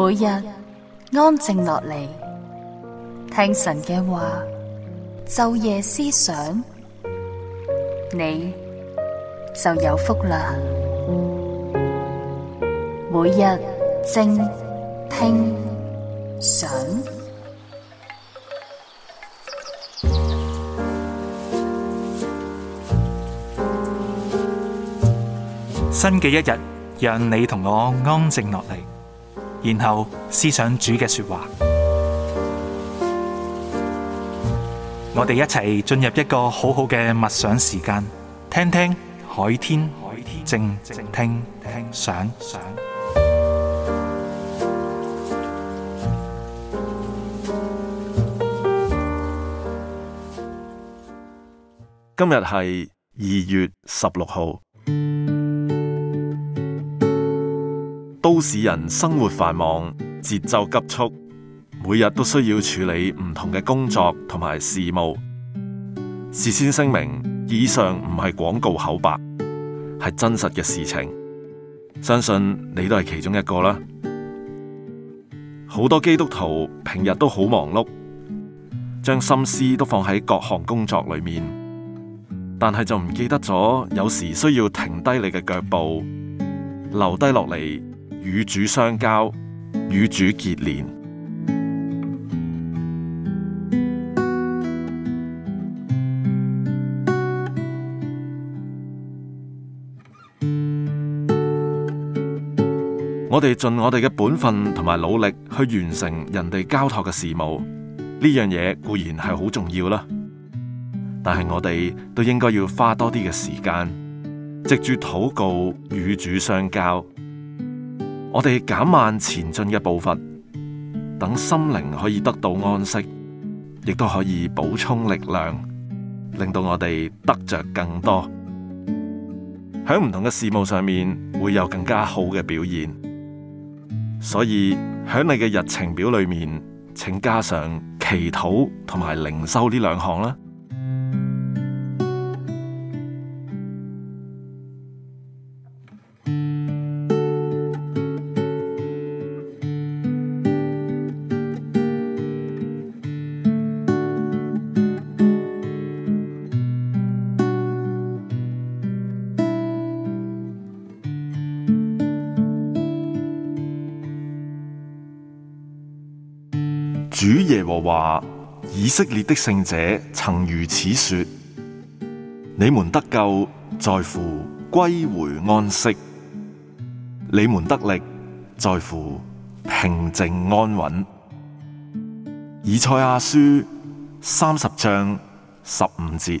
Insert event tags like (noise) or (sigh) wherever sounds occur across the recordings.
每日安靜落嚟，聽神嘅話，晝夜思想，你就有福啦。每日靜聽想，新嘅一日，讓你同我安靜落嚟。然後思想主嘅說話，嗯、我哋一齊進入一個好好嘅默想時間，聽聽海天靜聽想。今日係二月十六號。都市人生活繁忙，節奏急促，每日都需要處理唔同嘅工作同埋事務。事先聲明，以上唔係廣告口白，係真實嘅事情。相信你都係其中一個啦。好多基督徒平日都好忙碌，將心思都放喺各項工作裏面，但係就唔記得咗，有時需要停低你嘅腳步，留低落嚟。與主相交，與主結連。 (noise) (noise) 我哋盡我哋嘅本分同埋努力去完成人哋交託嘅事務，呢樣嘢固然係好重要啦。 (noise) (noise) 但係我哋都應該要花多啲嘅時間，藉住禱告與主相交。我哋減慢前進嘅步伐，等心靈可以得到安息，亦都可以補充力量，令到我哋得着更多。喺唔同嘅事務上面會有更加好嘅表現。所以，喺你嘅日程表裏面，請加上祈禱同埋靈修呢兩項啦。主耶和華以色列的聖者曾如此說：你們得救在乎歸回安息；你們得力在乎平靜安穩。以賽亞書三十章十五節。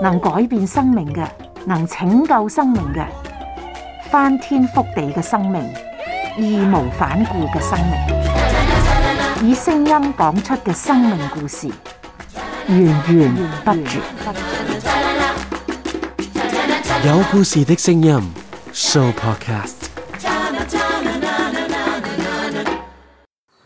能改變生命嘅，能拯救生命嘅，翻天覆地嘅生命，義無反顧嘅生命，以聲音講出嘅生命故事，源源不絕。有故事的聲音 Show Podcast。